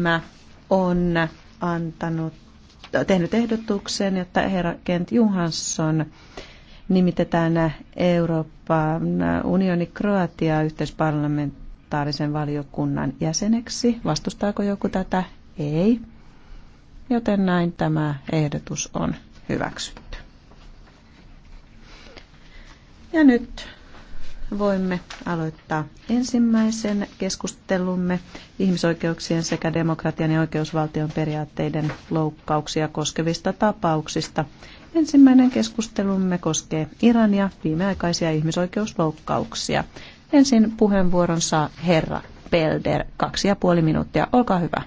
ryhmä on antanut, tehnyt ehdotuksen, että herra Kent Johansson nimitetään Euroopan unioni Kroatia yhteisparlamentaarisen valiokunnan jäseneksi. Vastustaako joku tätä? Ei. Joten näin tämä ehdotus on hyväksytty. Ja nyt voimme aloittaa ensimmäisen keskustelumme ihmisoikeuksien sekä demokratian ja oikeusvaltion periaatteiden loukkauksia koskevista tapauksista. Ensimmäinen keskustelumme koskee Irania viimeaikaisia ihmisoikeusloukkauksia. Ensin puheenvuoron saa herra Pelder, kaksi ja puoli minuuttia. Olkaa hyvä.